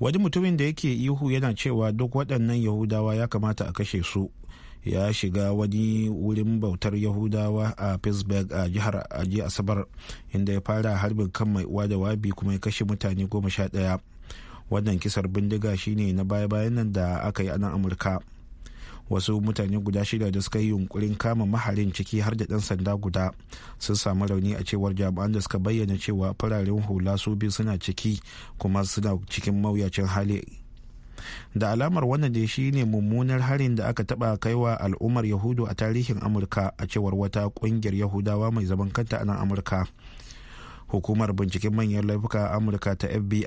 wani mutumin da yake ihu yana cewa duk waɗannan yahudawa ya kamata a kashe su ya shiga wani wurin bautar yahudawa a pittsburgh a jihar aji asabar inda ya fara harbin kan mai uwa da wabi kuma ya kashe mutane goma sha ɗaya wannan kisar bindiga shine na baya-bayan nan da aka yi a nan amurka wasu mutane guda shida da suka yi yunkurin kama maharin ciki har da ɗan sanda guda sun samu rauni a cewar jami'an da suka bayyana cewa fararen hula su biyu suna ciki kuma suna cikin mawuyacin hali da alamar wannan da shi ne mummunar harin da aka taba kaiwa al'ummar yahudu a tarihin amurka a cewar wata kungiyar yahudawa mai zaman kanta a nan amurka hukumar binciken manyan laifuka amurka ta fbi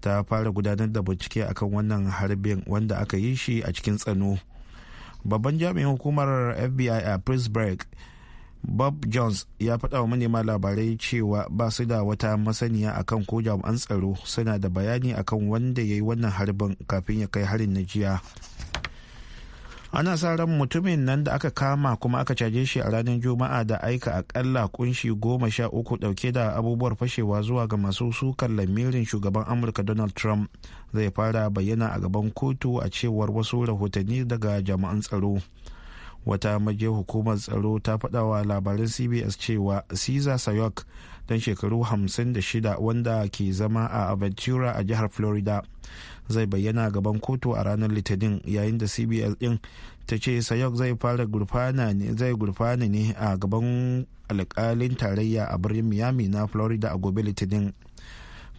ta fara gudanar da bincike akan wannan harbin wanda aka yi shi a cikin tsano babban jami'in hukumar fbi a pittsburgh bob jones ya faɗa wa manema labarai cewa ba su da wata masaniya akan ko jami'an tsaro suna da bayani akan wanda ya yi wannan harbin kafin ya kai harin na jiya ana sa ran mutumin nan da aka kama kuma aka caje shi a ranar juma'a da aika akalla kunshi goma sha uku dauke da abubuwar fashewa zuwa ga masu sukar lamirin shugaban amurka donald trump zai fara bayyana a gaban kotu a cewar wasu rahotanni daga jami'an tsaro wata maje hukumar tsaro ta faɗawa labarin cbs cewa caesar sayok dan shekaru 56 wanda ke zama a aventura a jihar florida zai bayyana gaban kotu a ranar litinin yayin da cbs din ta ce sayok zai fara gurfana ne a gaban alkalin tarayya a birnin miami na florida a gobe litinin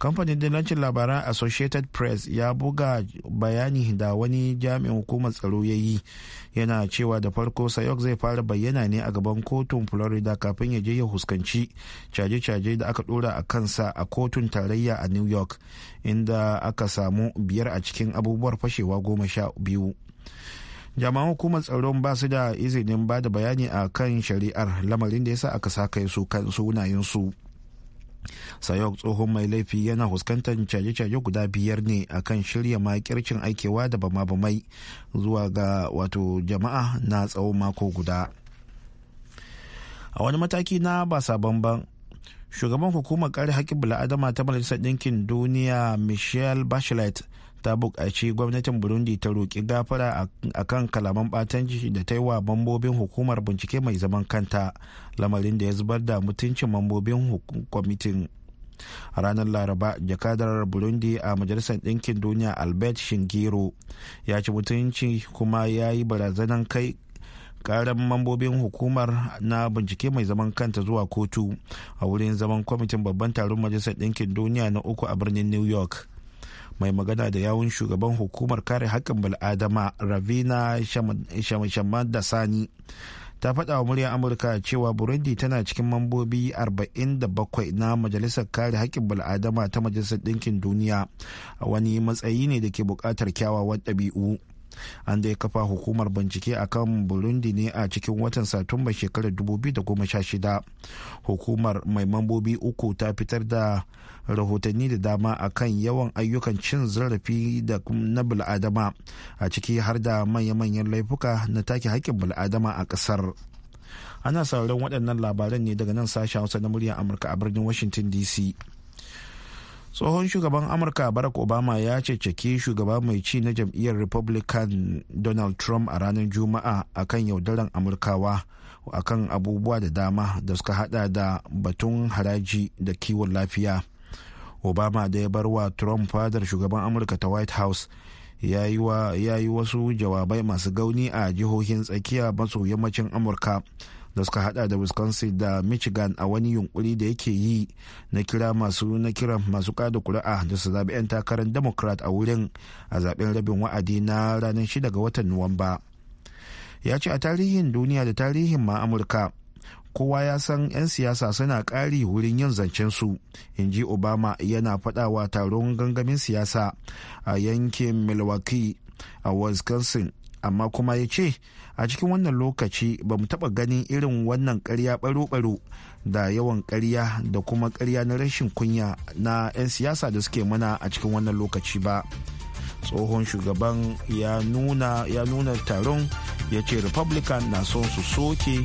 kamfanin dillancin labaran associated press ya buga bayani da wani jami'in hukumar tsaro ya yi yana cewa da farko sayok zai fara bayyana ne a gaban kotun florida kafin ya je ya huskanci caje-caje da aka dora a kansa a kotun tarayya a new york inda aka samu biyar a cikin abubuwar fashewa goma sha biyu jami'an hukumar tsaron ba su da izinin ba da bayani a kan shari'ar lamarin da ya sa aka sa kai su kan sunayensu sayok tsohon mai laifi yana fuskantar caje-caje guda biyar ne akan shirya makircin aikewa da bama-bamai zuwa ga wato jama'a na tsawon mako guda a wani mataki na ba sabon ban shugaban hukumar kare haƙƙin bala'adama ta majalisar ɗinkin duniya michelle bachelet ta buƙaci gwamnatin burundi ta roƙi gafara a kan kalaman ɓatanci da ta yi wa mambobin hukumar bincike mai zaman kanta lamarin da ya zubar da mutuncin mambobin kwamitin a ranar laraba jakadar burundi a majalisar ɗinkin duniya albert shingiro ya ci mutunci kuma ya yi barazanan kai karan mambobin hukumar na bincike mai zaman kanta zuwa kotu a wurin zaman kwamitin babban taron majalisar ɗinkin duniya na uku a birnin new york mai magana da yawun shugaban hukumar kare haƙƙin bal'adama ravina da sani ta faɗa wa muryar amurka cewa burundi tana cikin mambobi 47 na majalisar kare haƙƙin bal'adama ta majalisar ɗinkin duniya a wani matsayi ne da ke buƙatar kyawawan ɗabi'u an dai kafa hukumar bincike a kan burundi ne a cikin watan satumba shekarar 2016 hukumar mai mambobi uku ta fitar da rahotanni da dama a kan yawan ayyukan cin zarafi na bil'adama a ciki har da manya-manyan laifuka na take haƙƙin bil'adama a ƙasar ana sauraron waɗannan labaran ne daga nan sashen hausa na muryar amurka a birnin washington dc tsohon shugaban amurka barack obama ya ceceki shugaba mai ci na jam'iyyar republican donald trump a ranar juma'a a kan yaudaran amurkawa a kan abubuwa da dama da suka hada da batun haraji da kiwon lafiya obama da ya bar wa trump fadar shugaban amurka ta white house ya yi wasu jawabai masu gauni a jihohin tsakiya maso yammacin amurka da suka hada da wisconsin da michigan a wani yunkuri da yake yi na kira masu na kira masu kada kuri'a da su zaɓi 'yan takarar democrat a wurin a zaɓen rabin wa'adi na ranar 6 ga watan nuwamba ya ce a tarihin duniya da tarihin ma amurka kowa ya san 'yan siyasa suna ƙari wurin yin zancen su in ji obama yana faɗawa taron gangamin siyasa a yankin milwaukee a wisconsin amma kuma ya ce a cikin wannan lokaci ba mu taɓa ganin irin wannan karya baro-baro da yawan karya da kuma karya na rashin kunya na 'yan siyasa da suke mana a cikin wannan lokaci ba tsohon shugaban ya nuna taron ya ce republican na son su soke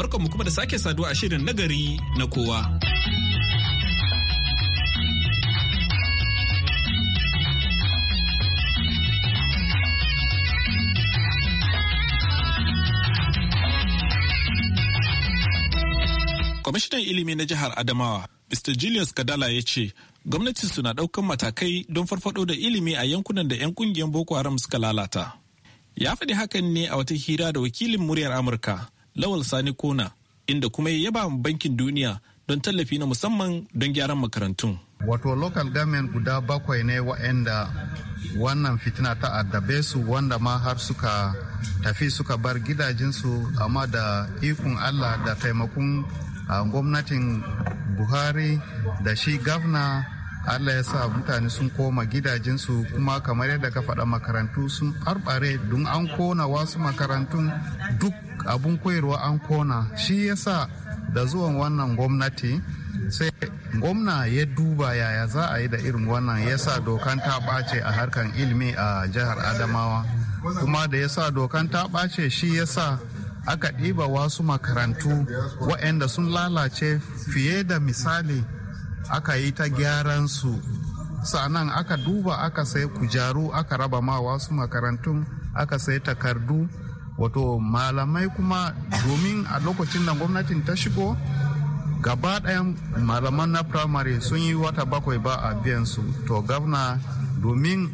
barkanmu kuma da sake saduwa a shirin nagari na kowa. kwamishinan ilimi na jihar adamawa mr julius kadala ya ce gwamnati suna ɗaukan matakai don farfado da ilimi a yankunan da 'yan kungiyar boko haram suka lalata ya faɗi hakan ne a wata hira da wakilin muryar amurka Lawal Sani Kona inda kuma ya yaba bankin duniya don tallafi na musamman don gyaran makarantun. Wato local government guda bakwai ne wa'anda wannan fitina ta addabe su wanda ma har suka tafi suka bar gidajensu amma da ikon Allah da taimakon gwamnatin Buhari da shi gavna Allah ya sa mutane sun koma gidajensu kuma kamar yadda ka faɗa makarantu sun ɓarɓare don an kona wasu makarantun duk abun koyarwa an kona shi yasa da zuwan wannan gwamnati sai gwamna ya duba yaya za a yi da irin wannan yasa dokan ta ɓace a harkan ilimi a jihar adamawa kuma da yasa dokan ta ɓace shi yasa aka ɗiba wasu makarantu waɗanda sun lalace fiye da misali aka yi ta gyaran su sannan aka duba aka sai kujaru aka raba ma wasu makarantun aka sai takardu wato malamai kuma domin a lokacin da gwamnatin ta shigo gaba ɗayan malaman na firamare sun yi wata bakwai ba a biyansu to Gwamna domin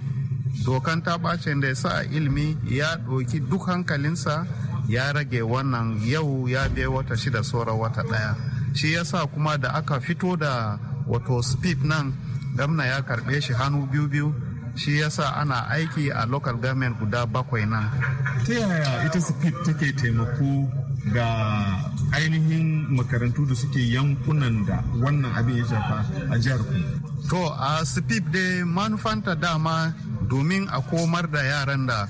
dokan ta bacin da ya sa ilimi ya ɗoki duk hankalinsa ya rage wannan yau ya biya wata shida saura wata ɗaya shi ya sa kuma da aka fito da wato spip nan Gwamna ya karɓe shi hannu biyu biyu shi yasa ana aiki a local government guda bakwai nan ta yaya ita spid take taimako ga ainihin makarantu da suke yankunan da wannan abin ya shafa a jihar ku to a spip dai manufanta dama domin a komar da yaran da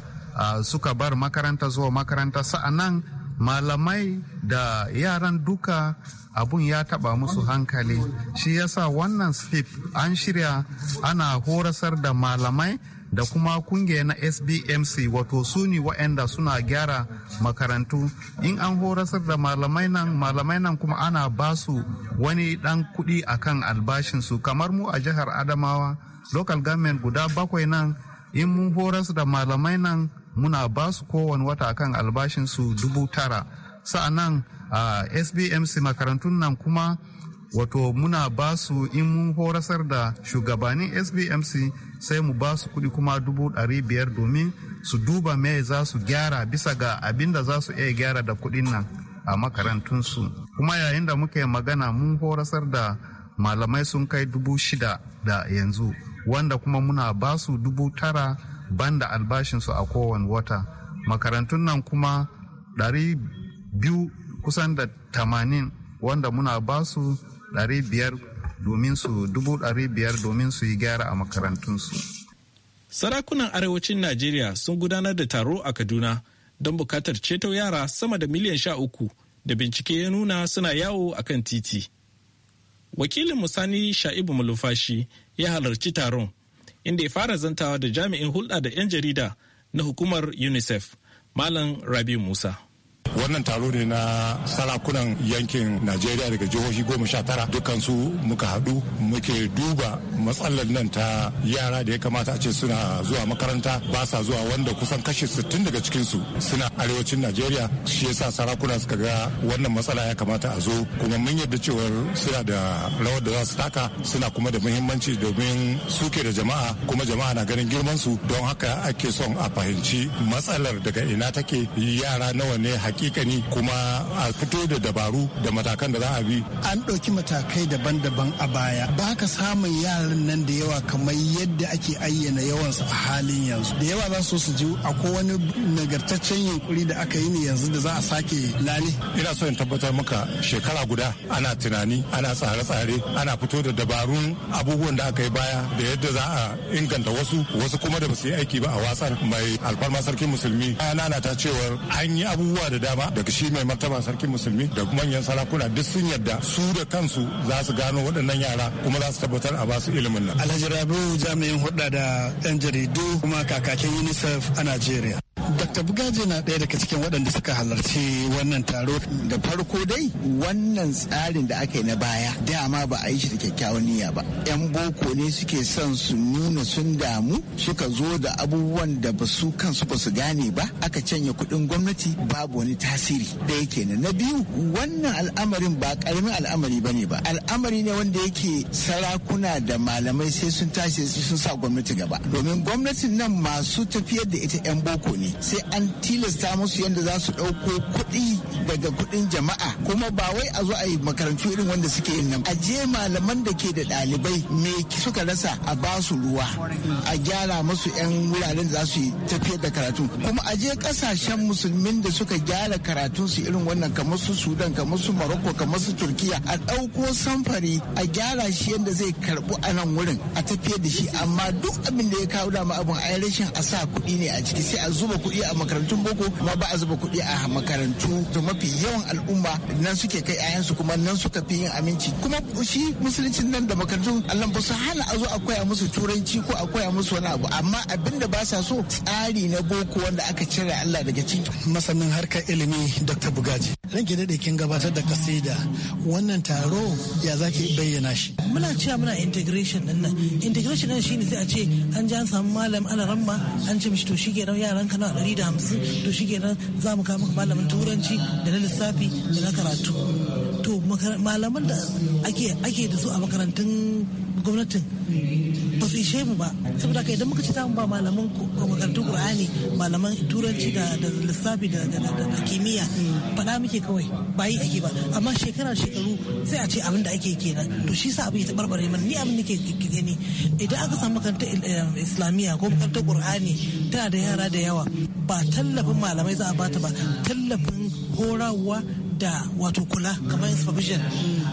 suka bar makaranta zuwa makaranta nan. malamai da yaran duka abun ya taba musu hankali shi yasa wannan slip an shirya ana horasar da malamai da kuma kungiya na sbmc wato su wa'anda suna gyara makarantu in an horasar da malamai nan malamai nan kuma ana ba su wani ɗan kuɗi kan albashinsu kamar mu a jihar adamawa local government guda bakwai nan in mun horas da malamai nan muna ba su kowane wata kan albashinsu dubu tara sa'annan a sbmc makarantun nan kuma wato muna ba su in mun horasar da shugabannin sbmc sai mu ba su kudi kuma dubu ɗari biyar domin su duba me za su gyara bisa ga abin da za su iya gyara da kudin nan a makarantunsu kuma yayin da muke magana mun horasar da malamai sun kai dubu shida da yanzu wanda kuma muna ba su dubu tara banda albashinsu a kowane wata makarantun nan kuma ɗari biyu kusan da tamanin wanda muna ba su ɗari biyar domin su dubu ɗari biyar domin su yi gyara a makarantunsu. Sarakunan arewacin Najeriya sun gudanar da taro a Kaduna don bukatar ceto yara sama da miliyan sha uku da bincike ya nuna suna yawo a kan titi. Wakilin Musani Sha'ibu Malufashi ya halarci taron inda ya fara zantawa da jami'in hulɗa da 'yan jarida na hukumar unicef malam rabi musa wannan taro ne na sarakunan yankin najeriya daga jihohi goma sha tara dukansu muka haɗu muke duba matsalar nan ta yara da ya kamata a ce suna zuwa makaranta ba sa zuwa wanda kusan kashi sittin daga cikinsu suna arewacin najeriya shi yasa sarakuna suka ga wannan matsala ya kamata a zo kuma mun yarda cewar suna da rawar da za su taka suna kuma da muhimmanci domin suke da jama'a kuma jama'a na ganin girman su don haka ake son a fahimci matsalar daga ina take yara nawa ne hakika hakikani kuma a fito da dabaru da matakan da za a bi an ɗauki matakai daban-daban a baya ba ka samun yaran nan da yawa kamar yadda ake ayyana yawansu a halin yanzu da yawa za su su ji akwai wani nagartaccen yunkuri da aka yi ne yanzu da za a sake lale ina so in tabbatar maka shekara guda ana tunani ana tsare-tsare ana fito da dabarun abubuwan da aka yi baya da yadda za a inganta wasu wasu kuma da ba su yi aiki ba a wasan mai alfarma sarkin musulmi ana ta cewar an yi abubuwa da yarda ba daga shi mai martaba sarkin musulmi da manyan sarakuna duk sun yarda su da kansu za su gano waɗannan yara kuma za su tabbatar a basu ilimin nan. Alhaji Rabiu jami'in hudda da 'yan jaridu kuma kakakin UNICEF a Najeriya. Dr. Bugaje na ɗaya daga cikin waɗanda suka halarci wannan taro. Da farko dai wannan tsarin da aka yi na baya dama ba a yi shi da kyakkyawan niyya ba. 'Yan boko ne suke son su nuna sun damu suka zo da abubuwan da ba su kansu ba su gane ba aka canya kuɗin gwamnati babu wani tasiri. yake na. Na biyu wannan al'amarin ba ƙaramin al'amari ba ne ba. Al'amari ne wanda yake sarakuna da malamai sai sun tashi sun sa gwamnati gaba. Domin gwamnatin nan masu tafiyar da ita 'yan boko ne sai an tilasta musu yadda za su ɗauko kuɗi daga kuɗin jama'a kuma ba wai a zo a yi makarantu irin wanda suke yin nan a je malaman da ke da ɗalibai me suka rasa a ba su ruwa a gyara musu 'yan wuraren da za su tafiyar da karatu kuma a je ƙasashen musulmin da suka gyara karatun su irin wannan kamar su sudan kamar su maroko kamar su turkiya a ɗauko samfari a gyara shi yadda zai karɓu a nan wurin a tafiyar da shi amma duk abin da ya kawo dama abin a rashin a sa kuɗi ne a ciki sai a zuba kuɗi a makarantun boko kuma ba a zuba kuɗi a makarantu to mafi yawan al'umma nan suke kai 'ya'yansu kuma nan suka fi yin aminci kuma shi musuluncin nan da makarantun allah ba su hana a zo a koya musu turanci ko a koya musu wani abu amma abin da ba sa so tsari na boko wanda aka cire allah daga cikin masanin harkar ilimi dr bugaji gida da kin gabatar da kasida wannan taro ya zaki bayyana shi muna cewa muna integration din nan integration din shine sai a ce an ji an samu malam alaramma an ce mishi to shi ke yaran kana. ɗari da hamsin to shi kenan za mu kama malamin turanci da na lissafi da na karatu to malaman da ake da su a makarantun gwamnatin ba su ishe mu ba saboda ka idan muka ci mu ba malaman makarantun qur'ani malaman turanci da lissafi da kimiyya faɗa muke kawai ba yi ake ba amma shekara shekaru sai a ce abin da ake nan to shi sa abin ya tabarbare mana ni abin nake gani idan aka samu makarantar eh, islamiyya ko makarantar qur'ani tana da yara da yawa ba tallafin malamai za a bata ba tallafin horawa. da wato kula kamar supervision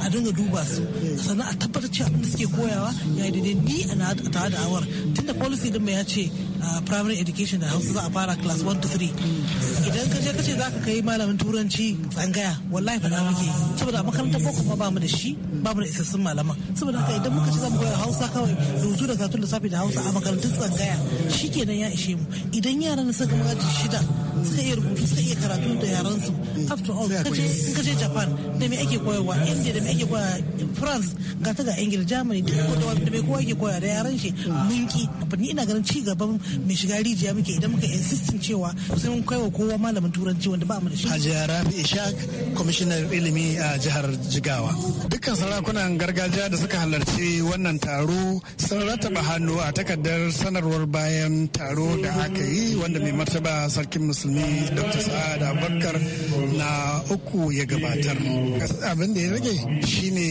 a dinga duba su sannan a tabbatar cewa abin da suke koyawa ya daidai ni a tare da awar tunda policy din mai ya ce primary education da hausa za a fara class 1 to 3 idan ka je ka ce za ka kai malamin turanci tsangaya wallahi fa muke saboda a makarantar boko kuma ba mu da shi ba mu da isassun malaman saboda haka idan muka ce za mu koya hausa kawai rubutu da da lissafi da hausa a makarantun tsangaya shikenan ya ishe mu idan yaran suka gama gaji shida suka iya rubutu suka iya karatu da yaran su after all in ka je japan da me ake koyarwa india da me ake koyarwa france ga ta ga ingila germany duk kowa da bai kowa ke koya da yaran shi mun ki ni ina ganin ci gaban mai shiga rijiya muke idan muka insistin cewa sai mun kai kowa malamin turanci wanda ba mu da shi hajiya rafi ishaq kwamishinan ilimi a jihar jigawa dukkan sarakunan gargajiya da suka halarci wannan taro sun rataba hannu a takardar sanarwar bayan taro da aka yi wanda mai martaba sarkin musulmi dr sa'ad abubakar na uku ya gabatar abin da ya rage shine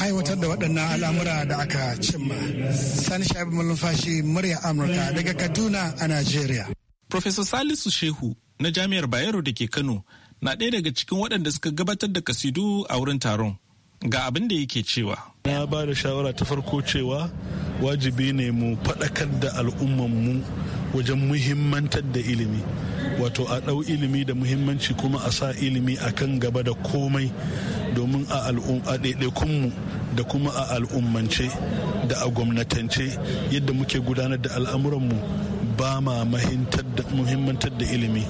aiwatar da waɗannan al'amura da aka cimma. Sani Shaibu Malumfashi murya Amurka daga Kaduna a Najeriya. Professor Salisu Shehu na Jami'ar Bayero da ke Kano na ɗaya daga cikin waɗanda suka gabatar da kasidu a wurin taron. ga abin da yake cewa. Na ba da shawara ta farko cewa wajibi ne mu faɗakar da al'ummanmu wajen muhimmantar da ilimi. Wato a ɗau ilimi da muhimmanci kuma a sa ilimi a kan gaba da komai domin a ɗaiɗaikunmu da kuma a al'ummance da a gwamnatance yadda muke gudanar da al'amuranmu ba ma muhimmantar da ilimi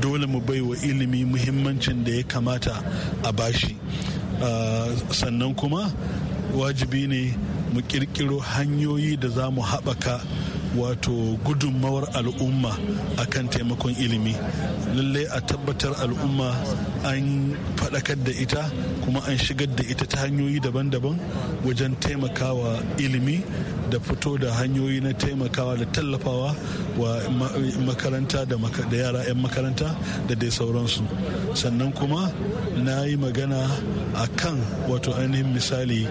dole mu bai wa ilimi muhimmancin da ya kamata a bashi ah, sannan kuma wajibi ne mu kirkiro hanyoyi da za mu haɓaka wato gudunmawar al'umma a kan taimakon ilimi lallai a tabbatar al'umma an faɗakar da ita kuma an shigar da ita ta hanyoyi daban-daban wajen taimakawa ilimi da fito da hanyoyi na taimakawa da tallafawa wa makaranta da yara 'yan makaranta da dai sauransu sannan kuma na yi magana a kan wato ainihin misali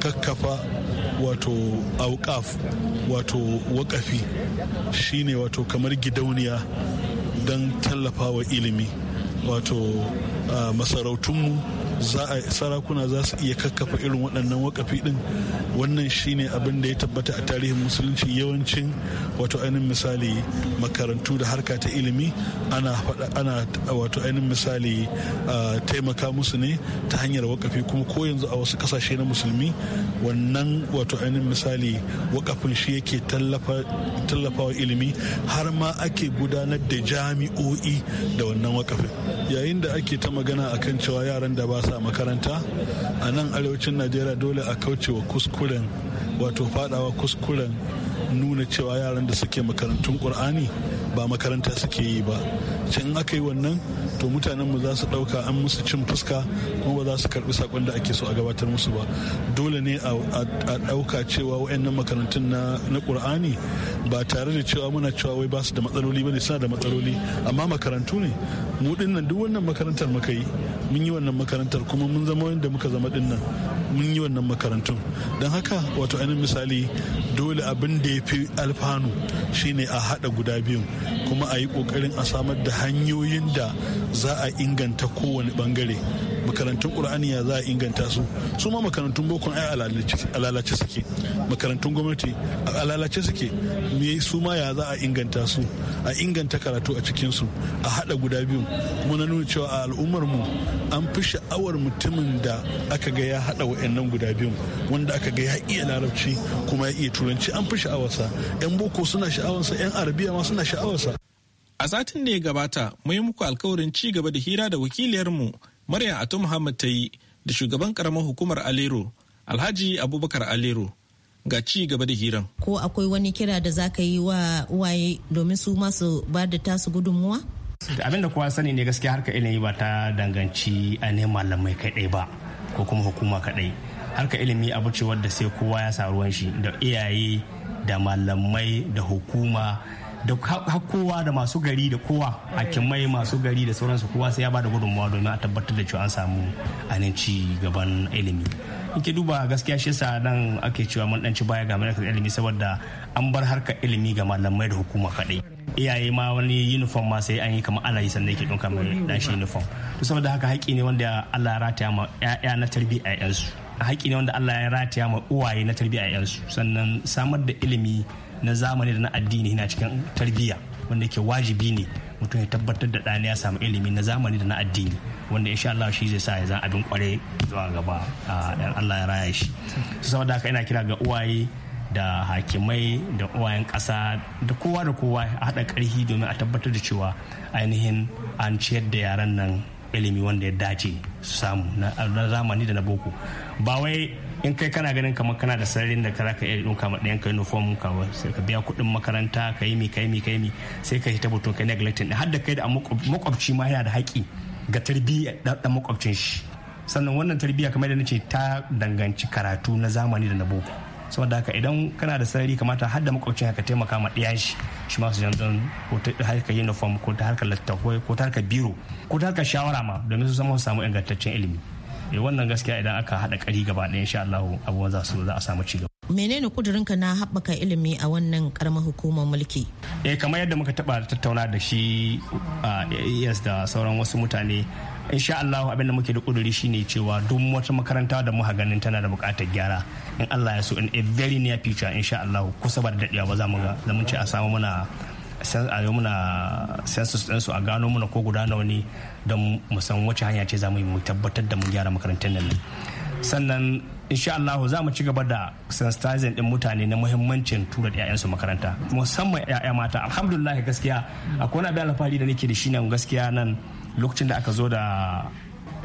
kakkafa wato auƙaf wato wakafi shine wato kamar gidauniya don tallafa wa ilimi wato ah, masarautunmu za a sarakuna za su iya kakkafa irin waɗannan wakafi ɗin wannan shine abin da ya tabbata a tarihin musulunci yawancin wato ainihin misali makarantu da harka ta ilimi ana ana wato ainihin misali taimaka musu ne ta hanyar wakafi kuma ko yanzu a wasu kasashe na musulmi wannan wato ainihin misali wakafin shi yake tallafawa ilimi har ma ake gudanar da jami'o'i da wannan wakafin yayin da ake ta magana akan cewa yaran da ba sa makaranta a nan arewacin najeriya dole a kauce wa kuskuren wato fadawa kuskuren nuna cewa yaran da suke makarantun ƙur'ani ba makaranta suke yi ba can aka yi wannan to mutanen mu za su ɗauka an musu cin fuska kuma ba za su karɓi sakon da ake so a gabatar musu ba dole ne a ɗauka cewa wayannan makarantun na Al-Qur'ani ba tare da cewa muna cewa wai ba su da matsaloli ba ne suna da matsaloli amma makarantu ne mu dinnan duk wannan makarantar muka yi mun yi wannan makarantar kuma mun zama wanda muka zama dinnan mun yi wannan makarantun don haka wato ainihin misali dole abin da ya fi alfanu shine a haɗa guda biyun kuma a yi ƙoƙarin a samar da hanyoyin da za a inganta kowane ɓangare makarantun ƙur'ani ya za a inganta su su ma makarantun boko ai alalace suke makarantun gwamnati alalace suke me su ma ya za a inganta su a inganta karatu a cikin su a hada guda biyu kuma na nuna cewa a al'ummar mu an fi sha'awar mutumin da aka ga ya hada wa'annan guda biyu wanda aka ga ya iya larabci kuma ya iya turanci an fi sha'awarsa yan boko suna sha'awarsa yan arabiya ma suna sha'awarsa a satin da ya gabata muyi muku alkawarin ci gaba da hira da wakiliyarmu Maryam Atu Muhammad ta yi da shugaban karamar hukumar Alero, Alhaji Abubakar Alero. Ga ci gaba da hiran. Ko akwai wani kira da za ka yi wa uwaye domin su masu ba da tasu gudunmuwa? Abin da kowa sani ne gaskiya harka ilimi ba ta danganci a ne malamai kaɗai ba ko kuma hukuma kaɗai. Harka ilimi abu ce wadda sai kowa ya sa ruwan shi da iyaye da malamai da hukuma da kowa da masu gari da kowa hakimai masu gari da sauransu kowa sai ya ba da gudunmawa domin a tabbatar da cewa an samu aninci ci gaban ilimi ke duba gaskiya shi yasa nan ake cewa mun dan baya ga malakar ilimi saboda an bar harka ilimi ga malamai da hukuma kadai iyaye ma wani uniform ma sai an yi kamar ana yi sannan yake ɗauka mai dan shi uniform to saboda haka haƙƙi ne wanda Allah ya rataya ma ƴaƴa na tarbiyya ƴaƴansu haƙƙi ne wanda Allah ya rataya ma uwaye na tarbiyya ƴaƴansu sannan samar da ilimi na zamani da na addini na cikin tarbiyya wanda ke wajibi ne mutum ya tabbatar da ɗani ya samu ilimi na zamani da na addini wanda insha Allah shi zai sa ya zan abin kware zuwa gaba dan Allah ya raya shi da haka ina kira ga uwaye da hakimai da uwayen ƙasa da kowa da kowa a haɗa ƙarfi domin a tabbatar da cewa ainihin an ciyar da yaran nan ilimi wanda ya dace su samu na zamani da na boko ba wai in kai kana ganin kamar kana da sararin da kara ka iya ɗauka ma ɗayan ka uniform ka sai ka biya kuɗin makaranta ka yi mi ka yi mi ka yi mi sai ka hita butun ka neglecting har da kai da makwabci ma yana da haƙƙi ga tarbiyya ɗan makwabcin shi sannan wannan tarbiyya kamar da nace ta danganci karatu na zamani da na boko saboda haka idan kana da sarari kamata har da makwabcin ka taimaka ma ɗiyan shi shi ma su yanzu ko ta harkar uniform ko ta harkar littattafai ko ta harkar biro ko ta harkar shawara ma domin su zama su samu ingantaccen ilimi eh, wannan gaskiya idan aka haɗa ƙari gaba ɗaya insha Allah abubuwan za su za a samu ci gaba menene kudurinka na haɓaka ilimi a wannan karamar hukumar mulki eh kamar yadda muka taɓa tattauna da shi yes da sauran wasu mutane insha Allah abin da muke da kuduri shine cewa duk wata makaranta da muka ganin tana da buƙatar gyara in Allah ya so in a very near future insha Allah kusa ba da daɗewa ba za mu ga da mun ce a samu muna a yi muna census ɗinsu a gano muna ko guda nawa ne don mu san wace hanya ce za mu yi mu tabbatar da mu gyara makarantar nan sannan insha Allah za mu ci gaba da sensitizing din mutane na muhimmancin tura ƴaƴansu makaranta musamman ƴaƴa mata alhamdulillah gaskiya akwai wani abin alfahari da nake da shi nan gaskiya nan lokacin da aka zo da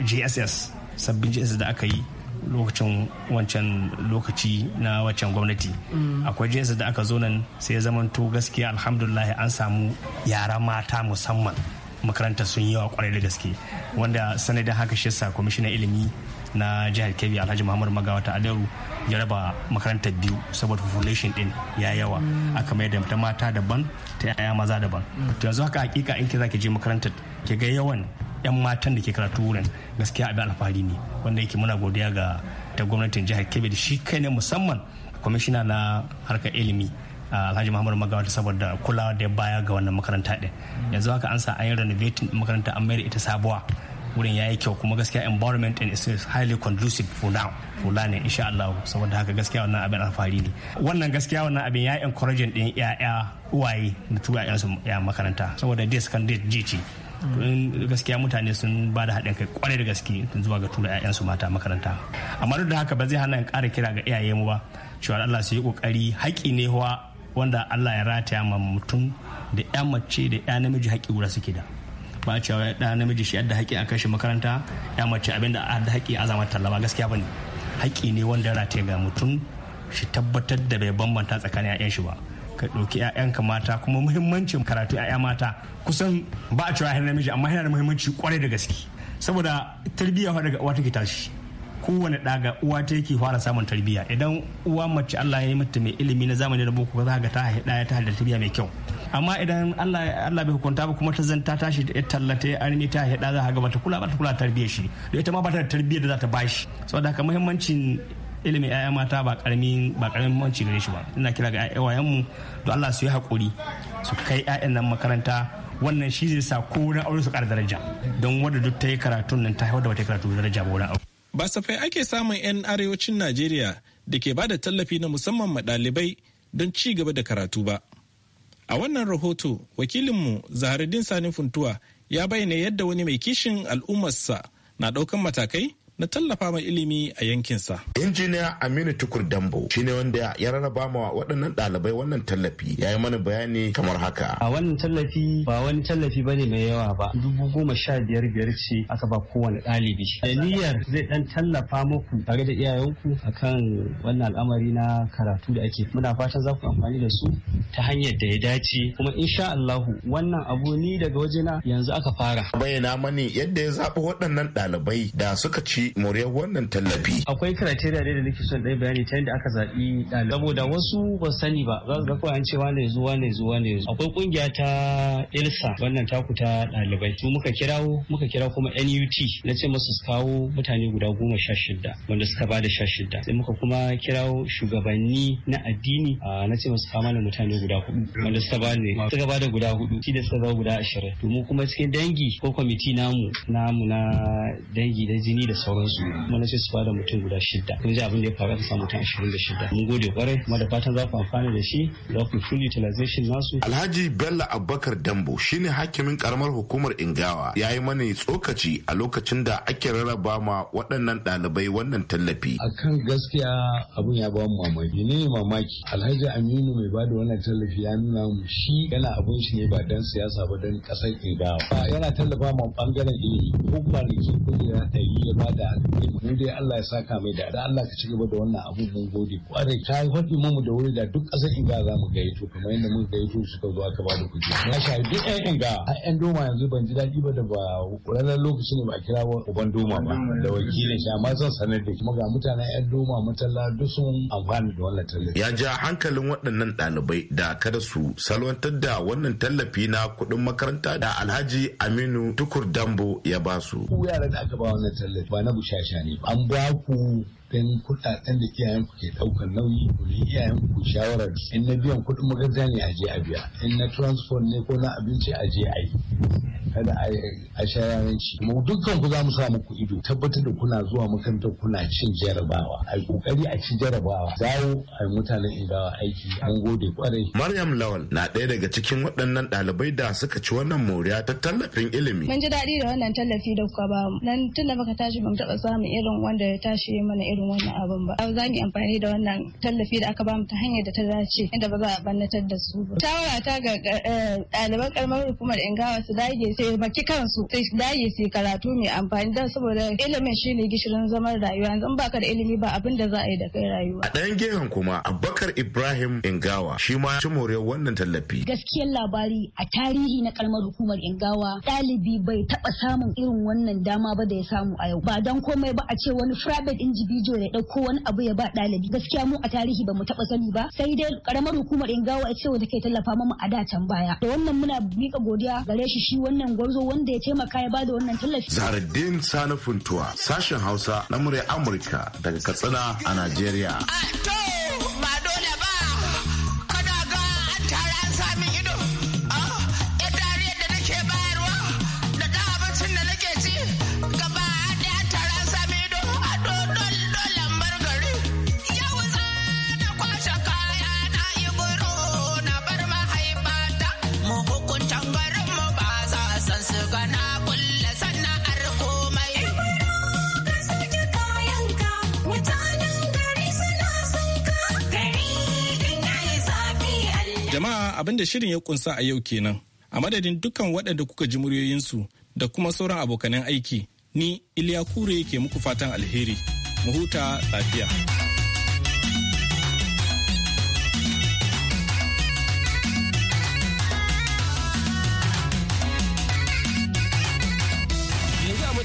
JSS sabbin JSS da aka yi lokacin wancan lokaci na wancan gwamnati mm. akwai JSS da aka zo nan sai ya zamanto gaskiya alhamdulillah an samu yara mata musamman makaranta sun yi yawa kwarai da gaske wanda sanadin haka shi sa kwamishinan ilimi na jihar kebbi alhaji muhammadu magawa ta aleru ya raba makarantar biyu saboda population din ya yawa aka mai da ta mata daban ta yaya maza daban to yanzu haka hakika in ki zaki je makarantar ki ga yawan yan matan da ke karatu wurin gaskiya abin alfahari ne wanda yake muna godiya ga ta gwamnatin jihar kebbi da shi kai ne musamman kwamishina na harkar ilimi ah, alhaji muhammadu magawata saboda kulawa da ya baya ga wannan makaranta din yanzu haka an sa an yi renovating makaranta an mayar ita sabuwa wurin ya yi kyau kuma gaskiya environment in is highly conducive for now learning insha Allah saboda haka gaskiya wannan abin alfahari ne wannan gaskiya wannan abin ya encouraging din yaya uwaye da tura ya makaranta saboda dai kan ce gaskiya mutane sun ba da haɗin kai kwarai da gaske zuwa ga tura yayansu mata makaranta amma duk da haka ba zai hana in ƙara kira ga iyaye mu ba cewa Allah su yi kokari haƙi ne wanda Allah ya rataya ma mutum da 'ya mace da 'ya namiji haƙi wura suke da ba cewa da namiji shi yadda haƙƙi a kashe makaranta ya mace abin da da haƙƙi a zama tallaba gaskiya bane haƙƙi ne wanda rataye ga mutum shi tabbatar da bai bambanta tsakanin 'ya'yan shi ba ka ɗauki 'ya'yanka mata kuma muhimmancin karatu 'ya'ya mata kusan ba a cewa namiji amma yana da muhimmanci kwarai da gaske saboda tarbiyya daga uwa take tashi kowane ga uwa ta yake fara samun tarbiyya idan uwa mace Allah ya yi mata mai ilimi na zamani da boko za ga ta haɗa ɗaya ta haɗa tarbiyya mai kyau amma idan Allah Allah bai hukunta ba kuma ta zan ta tashi da tallate an ni ta hada za a ga bata kula ta kula tarbiyyar shi da ita ma ba ta tarbiyyar da za ta bashi saboda haka muhimmancin ilimin 'ya'ya mata ba karamin ba karamin muhimmanci gare shi ba ina kira ga 'ya'yan mu to Allah su yi hakuri su kai 'ya'yan nan makaranta wannan shi zai sa ko wurin aure su ƙara daraja don wanda duk ta yi karatun nan ta haifar da wata karatu daraja ba wurin aure. ba safai ake samun 'yan arewacin najeriya da ke ba da tallafi na musamman ma ɗalibai don ci gaba da karatu ba A wannan rahoto wakilinmu Zahardin Sani Funtuwa ya bayyana yadda wani mai kishin al'ummarsa na ɗaukan matakai na tallafa mai ilimi a yankinsa. Injiniya Aminu Tukur Dambo shi ne wanda ya rarraba ma waɗannan ɗalibai wannan tallafi ya yi mana bayani kamar haka. A wannan tallafi ba wani tallafi bane mai yawa ba dubu goma sha biyar biyar ce aka ba kowane ɗalibi. Da zai ɗan tallafa muku tare da iyayenku a kan wannan al'amari na karatu da ake. Muna fatan za ku amfani da su ta hanyar da ya dace kuma insha Allahu wannan abu ni daga wajena yanzu aka fara. Bayyana mani yadda ya zaɓi waɗannan ɗalibai da suka ci ci moriyar wannan tallafi. Akwai ne da nake son ɗaya bayani ta yadda aka zaɓi ɗalibai. Saboda wasu ba sani ba za su ga kawai an ce wane zuwa ne zuwa ne Akwai ƙungiya ta ILSA wannan taku ta ɗalibai. Su muka kirawo muka kira kuma NUT na ce masu su kawo mutane guda goma sha shida wanda suka ba da sha shida. Sai muka kuma kirawo shugabanni na addini na ce masu kawo mana mutane guda hudu wanda suka ba ne suka ba da guda hudu shi da suka ba guda ashirin. To mu kuma cikin dangi ko kwamiti namu namu na dangi da jini da sauran kawai su mana sai su bada mutum guda shida kun ji abin da ya faru ta samu mutum ashirin da shida mun gode kwarai kuma da fatan za ku amfana da shi za ku full utilization nasu. Alhaji Bello Abubakar Dambo shine hakimin karamar hukumar Ingawa ya yi mana tsokaci a lokacin da ake rarraba ma waɗannan ɗalibai wannan tallafi. Akan gaskiya abun ya ba mu mamaki ne mamaki Alhaji Aminu mai bada wannan tallafi ya nuna mu shi yana abun shi ne ba dan siyasa ba dan ƙasar Ingawa. Yana tallafa ma bangaren ilimi ko kwanaki kudi na yi ya bada mu dai Allah ya saka mai da da Allah ka ci gaba da wannan abu mun gode kwarai ta yi faɗi mu da wuri da duk ƙasar inga za mu gaito kamar yadda mun gaito suka zo aka ba da kuɗi na shayi duk ƴan inga a ƴan doma yanzu ban ji daɗi ba da ba ranar lokaci ne ba a kira uban doma ba da wakilin shi amma zan sanar da kuma ga mutanen ƴan doma matalla duk sun amfana da wannan tallafi. ya ja hankalin waɗannan ɗalibai da kada su salwantar da wannan tallafi na kuɗin makaranta da alhaji aminu tukur dambo ya ba su. yara da aka ba wannan tallafi ba annabi shasha ne an ba ku ɗin kuɗaɗen da iyayenku ke ɗaukar nauyi ku ne iyayenku ku shawarar in na biyan kuɗin magarza ne a je a biya in na transport ne ko na abinci a je a yi kada a sha yaranci mu dukkan ku za mu sa muku ido tabbatar da kuna zuwa makarantar kuna cin jarabawa a kokari a ci jarabawa dawo a mutanen igawa aiki an gode kwarai maryam lawal na ɗaya daga cikin waɗannan ɗalibai da suka ci wannan moriya ta tallafin ilimi mun ji daɗi da wannan tallafi da kuka ba mu nan tunda muka tashi bamu taɓa samu irin wanda ya tashi mana irin irin wannan abin ba za mu yi amfani da wannan tallafi da aka bamu ta hanyar da ta dace inda ba za a bannatar da su ba shawara ta ga eh, ɗaliban karamar hukumar ingawa su dage sai maki kansu sai dage su karatu mai amfani don saboda ilimin shi ne gishirin zaman rayuwa yanzu baka da ilimi ba abin da za a yi da kai rayuwa a ɗayan gefen kuma abubakar ibrahim ingawa shi ma ci moriyar wannan tallafi gaskiyar labari a tarihi na karamar hukumar ingawa ɗalibi bai taɓa samun irin wannan dama ba da ya samu a yau ba don komai ba a ce wani private individual rediyo ya dauko wani abu ya ba ɗalibi gaskiya mu a tarihi ba mu taɓa sani ba sai dai ƙaramar hukumar ingawa ita ce ke tallafa mamu a da can baya da wannan muna mika godiya gare shi shi wannan gwarzo wanda ya taimaka ya ba da wannan tallafi zaruddin sani funtuwa sashen hausa na murya amurka daga katsina a najeriya ba Jama'a abin da shirin ya kunsa a yau kenan. A madadin dukkan waɗanda kuka ji muryoyinsu da kuma sauran abokanan aiki, ni Iliya Kure ke muku fatan alheri. Mu huta lafiya.